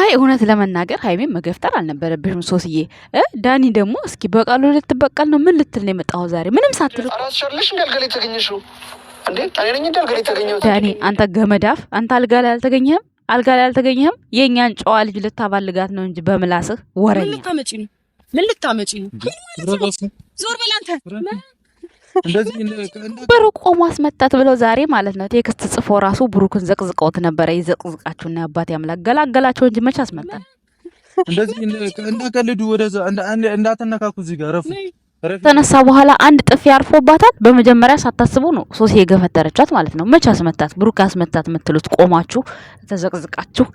አይ እውነት ለመናገር ሀይሜን መገፍተር አልነበረብሽም ሶስዬ። ዳኒ ደግሞ እስኪ በቃሉ ልትበቃል ነው? ምን ልትል ነው የመጣኸው ዛሬ? ምንም ሳትል ዳኒ፣ አንተ ገመዳፍ፣ አንተ አልጋ ላይ አልተገኘህም፣ አልጋ ላይ አልተገኘህም። የእኛን ጨዋ ልጅ ልታባልጋት ነው እንጂ በምላስህ ወረኛ ምን ልታመጪ ነው? ምን ልታመጪ ነው? ዞር በል ብሩክ ቆሞ አስመጣት ብለው ዛሬ ማለት ነው ቴክስት ጽፎ ራሱ ብሩክን ዘቅዝቀውት ነበረ። ይዘቅዝቃችሁና አባቴ አምላክ ገላገላቸው እንጂ መች አስመጣል። እንደዚህ እንዳትቀልዱ፣ ወደዛ እንዳትነካኩ፣ እዚህ ጋር ረፉ ተነሳ በኋላ አንድ ጥፊ አርፎባታል። በመጀመሪያ ሳታስቡ ነው ሶሲ የገፈተረቻት ማለት ነው። መች አስመታት? ብሩክ አስመታት የምትሉት ቆማችሁ ተዘቅዝቃችሁ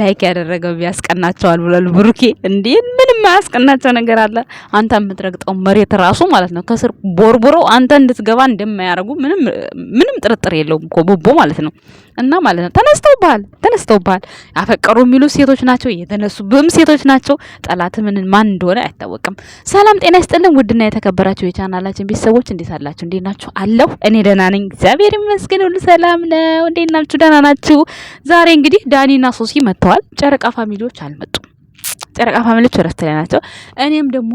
ላይክ ያደረገው ያስቀናቸዋል ብሏል ብሩኬ። እንዴ ምንም አያስቀናቸው ነገር አለ? አንተ የምትረግጠው መሬት ራሱ ማለት ነው ከስር ቦርቡረው አንተ እንድትገባ እንደማያደርጉ ምንም ምንም ጥርጥር የለውም እኮ ቦቦ ማለት ነው። እና ማለት ነው ተነስተውብሃል ተነስተውብሃል። ያፈቀሩ የሚሉ ሴቶች ናቸው፣ የተነሱብም ሴቶች ናቸው። ጠላት ምን ማን እንደሆነ አይታወቅም። ሰላም ጤና ይስጥልን ውድና የተከበራችሁ የቻናላችን ቤተሰቦች እንዴት አላችሁ? እንዴት ናችሁ? አለሁ እኔ ደህና ነኝ፣ እግዚአብሔር ይመስገን፣ ሁሉ ሰላም ነው። እንዴት ናችሁ? ደህና ናችሁ? ዛሬ እንግዲህ ዳኒና ሶሲ መጥተዋል። ጨረቃ ፋሚሊዎች አልመጡም። ጨረቃ ፋሚሊዎች እረፍት ላይ ናቸው። እኔም ደግሞ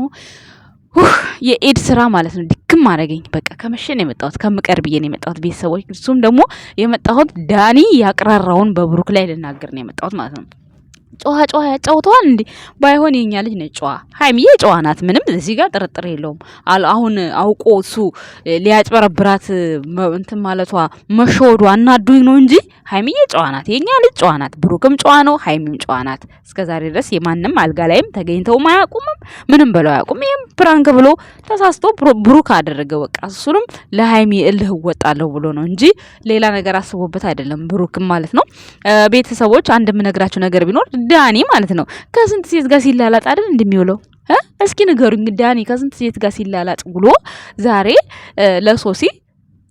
የኤድ ስራ ማለት ነው። ድክም አደረገኝ። በቃ ከመሸ ነው የመጣሁት፣ ከምቀር ብዬ ነው የመጣሁት ቤተሰቦች። እሱም ደግሞ የመጣሁት ዳኒ ያቅራራውን በብሩክ ላይ ልናገር ነው የመጣሁት ማለት ነው። ጨዋ ጨዋ ያጫውተዋል እንዴ? ባይሆን የኛ ልጅ ነች ጨዋ። ሀይሚዬ ጨዋ ናት፣ ምንም እዚህ ጋር ጥርጥር የለውም። አሁን አውቆ እሱ ሊያጭበረብራት እንትን ማለቷ መሸወዷ አናዱኝ ነው እንጂ ሀይሚዬ ጨዋ ናት፣ የኛ ልጅ ጨዋ ናት። ብሩክም ጨዋ ነው፣ ሀይሚም ጨዋ ናት። ዛሬ ድረስ የማንም አልጋ ላይም ተገኝተውም አያውቁምም፣ ምንም ብለው አያውቁም። ይህም ፕራንክ ብሎ ተሳስቶ ብሩክ አደረገ። በቃ እሱንም ለሀይሚ እልህ እወጣለሁ ብሎ ነው እንጂ ሌላ ነገር አስቦበት አይደለም፣ ብሩክም ማለት ነው። ቤተሰቦች አንድ የምነግራቸው ነገር ቢኖር ዳኒ ማለት ነው ከስንት ሴት ጋር ሲላላጥ አይደል እንደሚውለው እስኪ ንገሩኝ ዳኒ ከስንት ሴት ጋር ሲላላጥ ውሎ ዛሬ ለሶሲ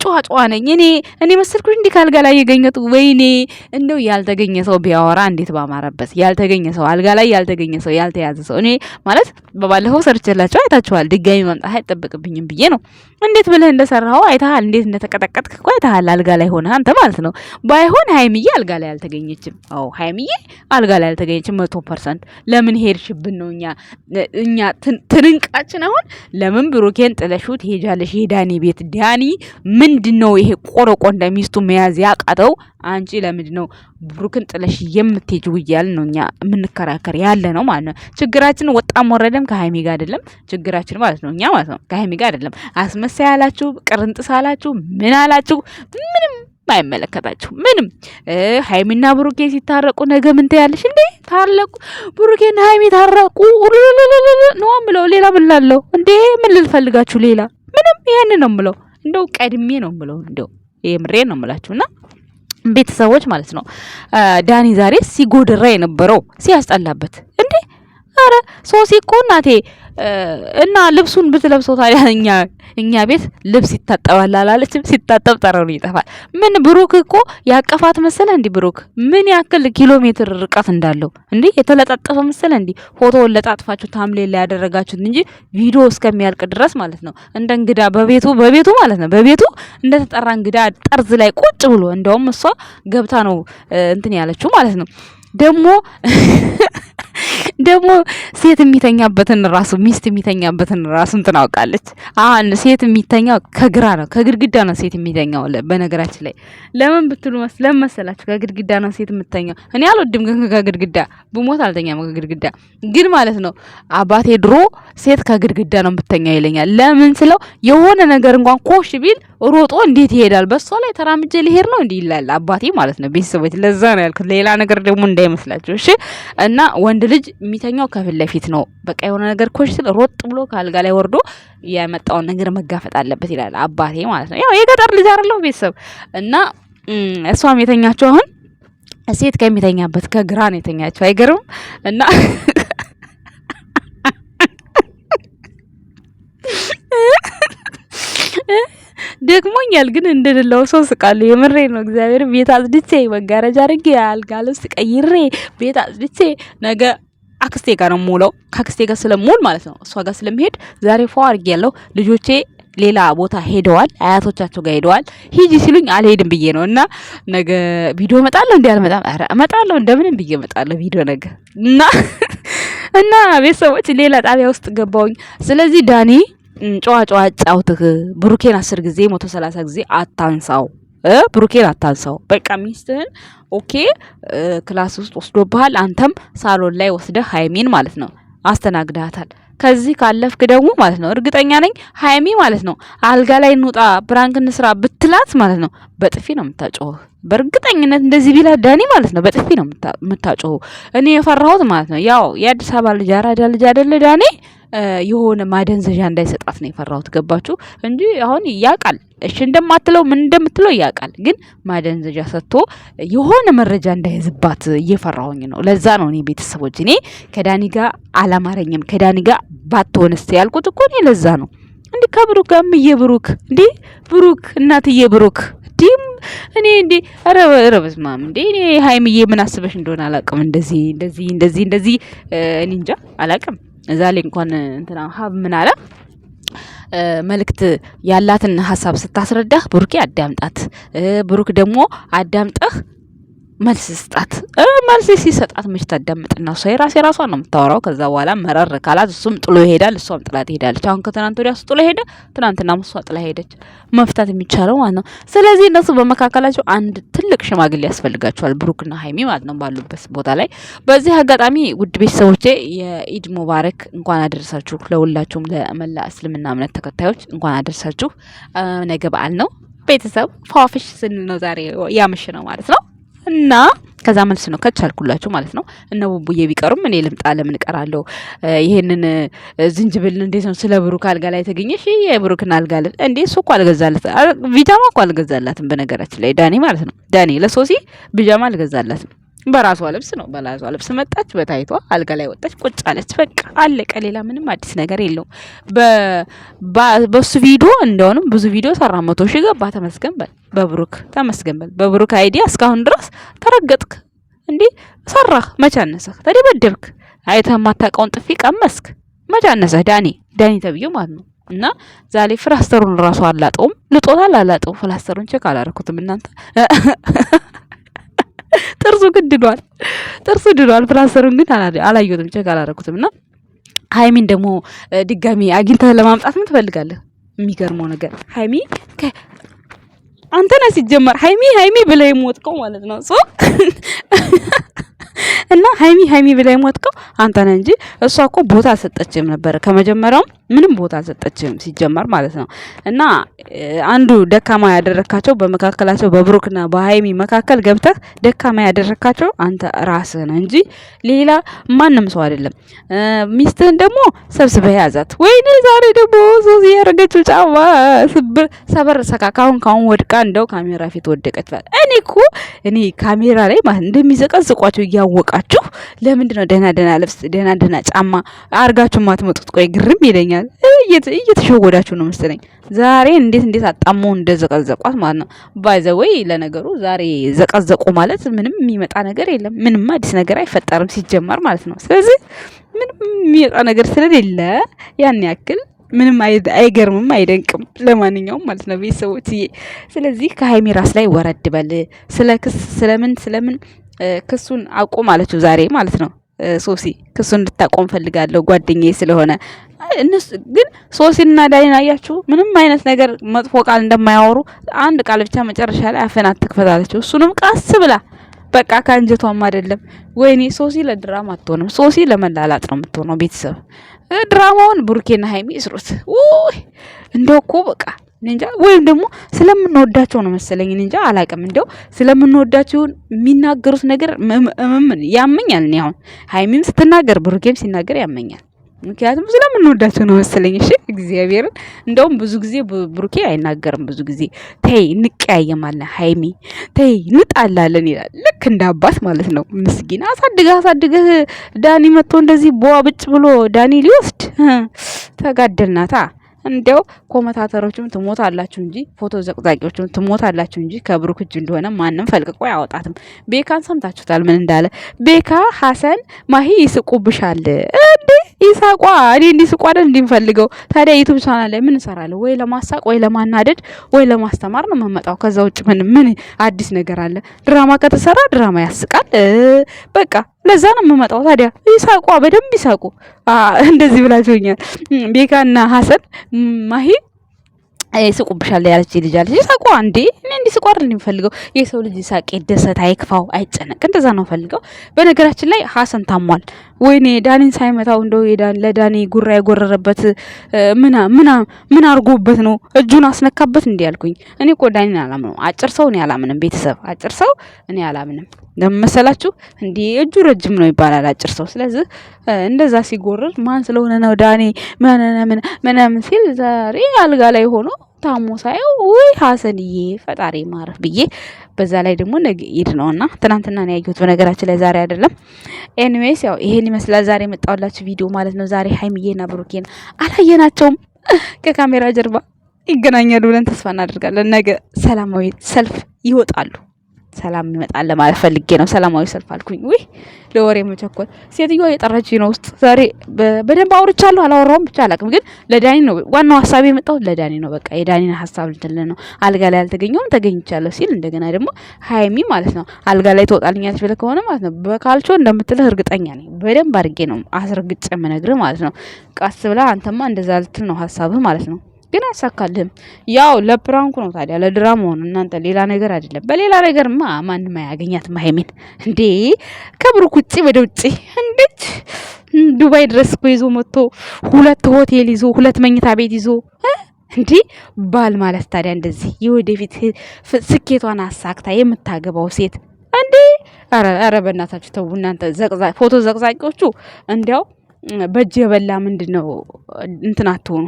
ጨዋ ነኝ እኔ እኔ መሰልኩሽ እንዲህ ካልጋ ላይ የገኘት ወይኔ እንደው ያልተገኘ ሰው ቢያወራ እንዴት ባማረበት ያልተገኘ ሰው አልጋ ላይ ያልተገኘ ሰው ያልተያዘ ሰው እኔ ማለት በባለፈው ሰርችላቸው አይታችኋል ድጋሚ መምጣት አይጠበቅብኝም ብዬ ነው እንዴት ብለህ እንደሰራው አይተሃል እንዴት እንደተቀጠቀጥክ እኮ አይተሃል አልጋ ላይ ሆነህ አንተ ማለት ነው ባይሆን ሀይምዬ አልጋ ላይ አልተገኘችም አዎ ሀይምዬ አልጋ ላይ አልተገኘችም መቶ ፐርሰንት ለምን ሄድሽብን ነው እኛ እኛ ትንንቃችን አሁን ለምን ብሩኬን ጥለሹ ትሄጃለሽ የዳኒ ቤት ዳኒ ምንድን ነው ይሄ ቆረቆ ሚስቱ መያዝ ያቃተው? አንቺ ለምንድን ነው ብሩክን ጥለሽ የምትሄጂው? እያልን ነው እኛ የምንከራከር ያለ ነው ማለት ነው። ችግራችን ወጣም ወረደም ከሀይሚ ጋር አይደለም ችግራችን ማለት ነው እኛ ማለት ነው ከሀይሚ ጋር አይደለም። አስመሳይ አላችሁ፣ ቅርንጥስ አላችሁ፣ ምን አላችሁ፣ ምንም አይመለከታችሁ ምንም። ሀይሚና ብሩኬ ሲታረቁ ነገ ምን ትያለሽ እንዴ? ታረቁ ብሩኬና ሀይሚ ታረቁ ነው ምለው። ሌላ ምን ላለው እንዴ? ምን ልልፈልጋችሁ ሌላ ምንም። ይሄን ነው ምለው። እንደው ቀድሜ ነው ምለው እንደው የምሬ ነው ምላችሁ እና ቤተሰቦች ማለት ነው። ዳኒ ዛሬ ሲጎደራ የነበረው ሲያስጠላበት እንዴ! አረ ሶሲ እኮ እናቴ እና ልብሱን ብትለብሰው ታዲያ እኛ እኛ ቤት ልብስ ይታጠባል አላለችም? ሲታጠብ ጠረኑ ይጠፋል። ምን ብሩክ እኮ ያቀፋት መሰለ እንዲ ብሩክ ምን ያክል ኪሎ ሜትር ርቀት እንዳለው እንዲ የተለጣጠፈ መሰለ እንዲ ፎቶውን ለጣጥፋችሁ ታምሌ ላይ ያደረጋችሁት እንጂ ቪዲዮ እስከሚያልቅ ድረስ ማለት ነው። እንደ እንግዳ በቤቱ በቤቱ ማለት ነው በቤቱ እንደተጠራ እንግዳ ጠርዝ ላይ ቁጭ ብሎ እንደውም እሷ ገብታ ነው እንትን ያለችው ማለት ነው። ደግሞ ደግሞ ሴት የሚተኛበትን ራሱ ሚስት የሚተኛበትን ራሱን ትናውቃለች። አሁን ሴት የሚተኛው ከግራ ነው፣ ከግድግዳ ነው ሴት የሚተኛው። በነገራችን ላይ ለምን ብትሉ ለምን መሰላችሁ? ከግድግዳ ነው ሴት የምትተኛው። እኔ አልወድም፣ ግን ከግድግዳ ብሞት አልተኛም ከግድግዳ። ግን ማለት ነው አባቴ ድሮ ሴት ከግድግዳ ነው የምትተኛው ይለኛል። ለምን ስለው የሆነ ነገር እንኳን ኮሽ ቢል ሮጦ እንዴት ይሄዳል? በሷ ላይ ተራምጄ ሊሄድ ነው እንዲህ ይላል አባቴ ማለት ነው። ቤተሰቦች ለዛ ነው ያልኩት፣ ሌላ ነገር ደግሞ እንዳይመስላችሁ እሺ። እና ወንድ ልጅ የሚተኛው ከፊት ለፊት ነው። በቃ የሆነ ነገር ኮሽ ሮጥ ብሎ ከአልጋ ላይ ወርዶ የመጣውን ነገር መጋፈጥ አለበት ይላል አባቴ ማለት ነው። ያው የገጠር ልጅ አይደለሁ ቤተሰብ እና እሷም የተኛቸው አሁን ሴት ከሚተኛበት ከግራ ነው የተኛቸው። አይገርም እና ደግሞኛል ግን እንድንለው ሰው ስቃለሁ። የምሬ ነው። እግዚአብሔር ቤት አጽድቼ መጋረጃ አድርጌ አልጋ ልብስ ቀይሬ ቤት አጽድቼ ነገ አክስቴ ጋር ነው የምውለው። ከአክስቴ ጋር ስለምውል ማለት ነው እሷ ጋር ስለምሄድ ዛሬ ፎ አድርጌ ያለው ልጆቼ ሌላ ቦታ ሄደዋል። አያቶቻቸው ጋር ሄደዋል። ሂጂ ሲሉኝ አልሄድም ብዬ ነው እና ነገ ቪዲዮ እመጣለሁ። እንዲ አልመጣም። ኧረ እመጣለሁ፣ እንደምንም ብዬ እመጣለሁ ቪዲዮ ነገ እና እና ቤተሰቦች ሌላ ጣቢያ ውስጥ ገባውኝ። ስለዚህ ዳኒ ጨዋ ጨዋ ጫውትህ ብሩኬን አስር ጊዜ መቶ ሰላሳ ጊዜ አታንሳው። ብሩኬን አታንሳው። በቃ ሚስትህን ኦኬ ክላስ ውስጥ ወስዶብሃል። አንተም ሳሎን ላይ ወስደህ ሀይሚን ማለት ነው አስተናግዳታል። ከዚህ ካለፍክ ደግሞ ማለት ነው እርግጠኛ ነኝ ሀይሚ ማለት ነው አልጋ ላይ እንውጣ ብራንክ እንስራ ብትላት ማለት ነው በጥፊ ነው የምታጮህ። በእርግጠኝነት እንደዚህ ቢላ ዳኒ ማለት ነው በጥፊ ነው የምታጮህ። እኔ የፈራሁት ማለት ነው ያው የአዲስ አበባ ልጅ አራዳ ልጅ አይደለ ዳኒ የሆነ ማደንዘዣ እንዳይሰጣት ነው የፈራሁት። ገባችሁ እንጂ አሁን ያውቃል፣ እሺ እንደማትለው ምን እንደምትለው ያውቃል። ግን ማደንዘዣ ሰጥቶ የሆነ መረጃ እንዳይዝባት እየፈራሁኝ ነው። ለዛ ነው እኔ ቤተሰቦች፣ እኔ ከዳኒ ጋር አላማረኝም። ከዳኒ ጋር ባትሆንስ ያልኩት እኮ እኔ ለዛ ነው። እንዲህ ከብሩክ ጋር እምዬ ብሩክ እንዴ ብሩክ እናትዬ ብሩክ ዲም እኔ እንዴ ኧረ ኧረ በስመ አብ እንዴ እኔ ሀይምዬ ምን አስበሽ እንደሆነ አላቅም። እንደዚህ እንደዚህ እንደዚህ እንደዚህ እኔ እንጃ አላቅም። እዛ ላይ እንኳን እንትና ሀብ ምን አለ መልእክት ያላትን ሀሳብ ስታስረዳህ ብሩኬ አዳምጣት። ብሩክ ደግሞ አዳምጠህ መልስ ስጣት። መልስ ሲሰጣት መች ታዳምጥና እሷ የራሴ ራሷ ነው የምታወራው። ከዛ በኋላ መረር ካላት እሱም ጥሎ ይሄዳል፣ እሷም ጥላት ትሄዳለች። አሁን ከትናንት ወዲያ እሱ ጥሎ ሄደ፣ ትናንትና እሷ ጥላ ሄደች። መፍታት የሚቻለው ማለት ነው። ስለዚህ እነሱ በመካከላቸው አንድ ትልቅ ሽማግሌ ያስፈልጋቸዋል፣ ብሩክና ሀይሚ ማለት ነው፣ ባሉበት ቦታ ላይ። በዚህ አጋጣሚ ውድ ቤተሰቦቼ የኢድ ሙባረክ እንኳን አደረሳችሁ ለሁላችሁም፣ ለመላ እስልምና እምነት ተከታዮች እንኳን አደረሳችሁ። ነገ በዓል ነው ቤተሰብ ፏፍሽ ስንል ነው ዛሬ ያምሽ ነው ማለት ነው። እና ከዛ መልስ ነው ከቻልኩላችሁ ማለት ነው። እነ ቡቡዬ ቢቀሩም እኔ ልምጣ ለምን ቀራለሁ? ይሄንን ዝንጅብል እንዴት ነው ስለ ብሩክ አልጋ ላይ የተገኘሽ የብሩክን አልጋ ለ እንዴ እሱ እኮ አልገዛላት ቢጃማ እኮ አልገዛላትም። በነገራችን ላይ ዳኔ ማለት ነው ዳኔ ለሶሲ ቢጃማ አልገዛላትም። በራሷ ልብስ ነው። በራሷ ልብስ መጣች፣ በታይቷ አልጋ ላይ ወጣች፣ ቁጭ አለች። በቃ አለቀ። ሌላ ምንም አዲስ ነገር የለውም። በሱ ቪዲዮ እንደሆንም ብዙ ቪዲዮ ሰራ፣ መቶ ሺ ገባ። ተመስገን በል በብሩክ ተመስገን በል በብሩክ አይዲያ እስካሁን ድረስ ተረገጥክ እንዴ? ሰራህ፣ መቻነሰህ፣ ተደበደብክ፣ አይተ የማታውቀውን ጥፊ ቀመስክ፣ መቻነሰህ። ዳኒ ዳኒ ተብዬው ማለት ነው እና ዛሬ ፍላስተሩን ራሱ አላጠውም ልጦታል። አላጠው ፍላስተሩን ቼክ አላረኩትም እናንተ ጥርሱ ግን ድኗል። ጥርሱ ድኗል። ፍራሰሩን ግን አላየሁትም፣ ቼክ አላረኩትም። እና ሀይሚን ደግሞ ድጋሚ አግኝተህ ለማምጣት ምን ትፈልጋለህ? የሚገርመው ነገር ሀይሚ አንተና ሲጀመር ሀይሚ ሀይሚ ብለህ የምወጥቀው ማለት ነው ሶ እና ሀይሚ ሀይሚ ብላ የሞትከው አንተ ነህ እንጂ እሷ እኮ ቦታ አልሰጠችም ነበር። ከመጀመሪያውም ምንም ቦታ አልሰጠችም ሲጀመር ማለት ነው። እና አንዱ ደካማ ያደረካቸው በመካከላቸው በብሩክና በሀይሚ መካከል ገብተህ ደካማ ያደረካቸው አንተ ራስህ ነህ እንጂ ሌላ ማንም ሰው አይደለም። ሚስትህን ደግሞ ሰብስበህ ያዛት። ወይኔ ዛሬ ደግሞ ሶስ ያደረገችው ጫማ ሰበር ሰካካሁን ካሁን ወድቃ እንደው ካሜራ ፊት ወደቀች። እኮ እኔ ካሜራ ላይ ማለት እንደሚዘቀዝቋቸው እያወቃችሁ ለምንድን ነው ደህና ደህና ልብስ ደህና ደህና ጫማ አርጋችሁ ማትመጡት? ቆይ ግርም ይለኛል። እየተሸወዳችሁ ነው መሰለኝ። ዛሬ እንዴት እንዴት አጣመው እንደዘቀዘቋት ማለት ነው። ወይ ለነገሩ ዛሬ ዘቀዘቁ ማለት ምንም የሚመጣ ነገር የለም። ምንም አዲስ ነገር አይፈጠርም ሲጀመር ማለት ነው። ስለዚህ ምንም የሚመጣ ነገር ስለሌለ ያን ያክል ምንም አይገርምም፣ አይደንቅም። ለማንኛውም ማለት ነው ቤተሰቦች። ስለዚህ ከሀይሚ ራስ ላይ ወረድ በል። ስለ ክስ ስለምን ስለምን ክሱን አቁም አለችው ዛሬ ማለት ነው ሶሲ። ክሱን እንድታቆም ፈልጋለሁ ጓደኛዬ ስለሆነ እነሱ ግን ሶሲና ዳኒን አያችሁ፣ ምንም አይነት ነገር መጥፎ ቃል እንደማያወሩ አንድ ቃል ብቻ መጨረሻ ላይ አፈን አትክፈታለችው። እሱንም ቃስ ብላ በቃ ከአንጀቷም አይደለም። ወይኔ ሶሲ ለድራማ አትሆንም፣ ሶሲ ለመላላጥ ነው የምትሆነው። ቤተሰብ ድራማውን ብሩኬና ሀይሚ እስሩት። እንደው እኮ በቃ እንጃ ወይም ደግሞ ስለምንወዳቸው ነው መሰለኝ እንጃ አላቅም። እንደው ስለምንወዳቸውን የሚናገሩት ነገር ያመኛል። እኔ አሁን ሀይሚም ስትናገር ብሩኬም ሲናገር ያመኛል። ምክንያቱም ስለምንወዳቸው ነው መሰለኝ። እሺ እግዚአብሔርን እንደውም ብዙ ጊዜ ብሩኬ አይናገርም። ብዙ ጊዜ ተይ እንቀያየማለን፣ ሀይሚ ተይ እንጣላለን ይላል። ልክ እንደ አባት ማለት ነው። ምስጊን አሳድገህ አሳድገህ ዳኒ መጥቶ እንደዚህ በዋ ብጭ ብሎ ዳኒ ሊወስድ ተጋደልናታ። እንዲያው ኮመታተሮችም ትሞት አላችሁ እንጂ ፎቶ ዘቅዛቂዎችም ትሞት አላችሁ እንጂ ከብሩክ እጅ እንደሆነ ማንም ፈልቅቆ አያወጣትም። ቤካን ሰምታችሁታል ምን እንዳለ። ቤካ ሀሰን ማሂ ይስቁብሻል እንዴ ይሳቋ። እኔ እንዲስቋ አይደል እንዲንፈልገው። ታዲያ ዩቱብ ቻናል ላይ ምን እሰራለሁ? ወይ ለማሳቅ ወይ ለማናደድ ወይ ለማስተማር ነው የምመጣው። ከዛ ውጭ ምን ምን አዲስ ነገር አለ? ድራማ ከተሰራ ድራማ ያስቃል። በቃ ለዛ ነው የምመጣው። ታዲያ ይሳቋ፣ በደንብ ይሳቁ። እንደዚህ ብላችሁኛል ቤካና ሀሰን ማሂ ይስቁብሻል ያለች ልጅ አለች። ይሳቁ እንዴ! እኔ እንዲስቁ ስቋር የምፈልገው። የሰው ልጅ ይሳቅ፣ ይደሰት፣ አይክፋው፣ አይጨነቅ። እንደዛ ነው ፈልገው። በነገራችን ላይ ሀሰን ታሟል። ወይኔ ዳኒን ሳይመታው እንደው የዳን ለዳኒ ጉራ የጎረረበት ምና ምና ምን አርጎበት ነው እጁን አስነካበት እንዲ ያልኩኝ። እኔ እኮ ዳኒን አላምነው። አጭር ሰው እኔ አላምንም። ቤተሰብ አጭር ሰው እኔ አላምንም። ለምን መሰላችሁ? እንዲ እጁ ረጅም ነው ይባላል አጭር ሰው። ስለዚህ እንደዛ ሲጎርር ማን ስለሆነ ነው ዳኒ ምን ሲል ዛሬ አልጋ ላይ ሆኖ ታሞ ሳየው ውይ ሀሰንዬ ፈጣሪ ማረፍ ብዬ በዛ ላይ ደግሞ ነገ ኢድ ነውና ትናንትና ነው ያየሁት፣ በነገራችን ላይ ዛሬ አይደለም። ኤኒዌይስ ያው ይሄን ይመስላል ዛሬ የመጣሁላችሁ ቪዲዮ ማለት ነው። ዛሬ ሀይሚዬና ብሩኬን አላየናቸውም፣ ከካሜራ ጀርባ ይገናኛሉ ብለን ተስፋ እናደርጋለን። ነገ ሰላማዊ ሰልፍ ይወጣሉ። ሰላም ይመጣል ለማለት ፈልጌ ነው። ሰላማዊ ሰልፍ አልኩኝ። ውይ ለወሬ መቸኮል። ሴትዮዋ የጠራችኝ ነው ውስጥ። ዛሬ በደንብ አውርቻለሁ አላወራውም ብቻ አላቅም። ግን ለዳኒ ነው ዋናው ሀሳብ የመጣው ለዳኒ ነው። በቃ የዳኒን ሀሳብ ልትል ነው። አልጋ ላይ አልተገኘውም ተገኝቻለሁ ሲል እንደገና ደግሞ ሀይሚ ማለት ነው አልጋ ላይ ትወጣልኛለች ብለህ ከሆነ ማለት ነው በካልቾ እንደምትልህ እርግጠኛ ነኝ። በደንብ አድርጌ ነው አስረግጬ የምነግርህ ማለት ነው። ቃስ ብላ አንተማ እንደዛ ልትል ነው ሀሳብህ ማለት ነው። ግን አይሳካልህም። ያው ለፕራንኩ ነው ታዲያ ለድራማው ነው እናንተ፣ ሌላ ነገር አይደለም። በሌላ ነገርማ ማንም አያገኛትም ሀይሚን። እንዴ ከብሩክ ውጭ ወደ ውጭ እንዴት ዱባይ ድረስ እኮ ይዞ መጥቶ ሁለት ሆቴል ይዞ ሁለት መኝታ ቤት ይዞ እንዲ ባል ማለት ታዲያ እንደዚህ የወደፊት ስኬቷን አሳክታ የምታገባው ሴት እንዴ! አረ በእናታችሁ ተው እናንተ ፎቶ ዘቅዛቂዎቹ። እንዲያው በእጅ የበላ ምንድን ነው እንትን አትሆኑ።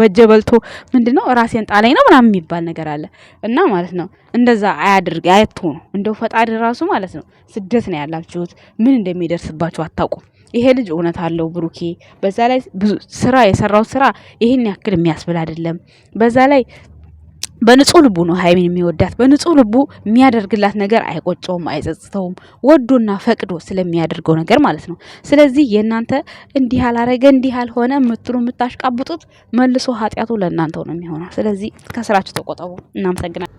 በጀ በልቶ ምንድን ነው ራሴን ጣለኝ ነው ምናምን የሚባል ነገር አለ እና ማለት ነው እንደዛ አያድርግ ነው እንደው ፈጣሪ ራሱ ማለት ነው ስደት ነው ያላችሁት ምን እንደሚደርስባችሁ አታውቁም ይሄ ልጅ እውነት አለው ብሩኬ በዛ ላይ ብዙ ስራ የሰራው ስራ ይህን ያክል የሚያስብል አይደለም በዛ ላይ በንጹህ ልቡ ነው ሀይሚን የሚወዳት። በንጹህ ልቡ የሚያደርግላት ነገር አይቆጨውም፣ አይጸጽተውም ወዶና ፈቅዶ ስለሚያደርገው ነገር ማለት ነው። ስለዚህ የእናንተ እንዲህ አላረገ እንዲህ አልሆነ የምትሉ የምታሽቃብጡት መልሶ ኃጢአቱ ለእናንተው ነው የሚሆነው። ስለዚህ ከስራችሁ ተቆጠቡ። እናመሰግናል።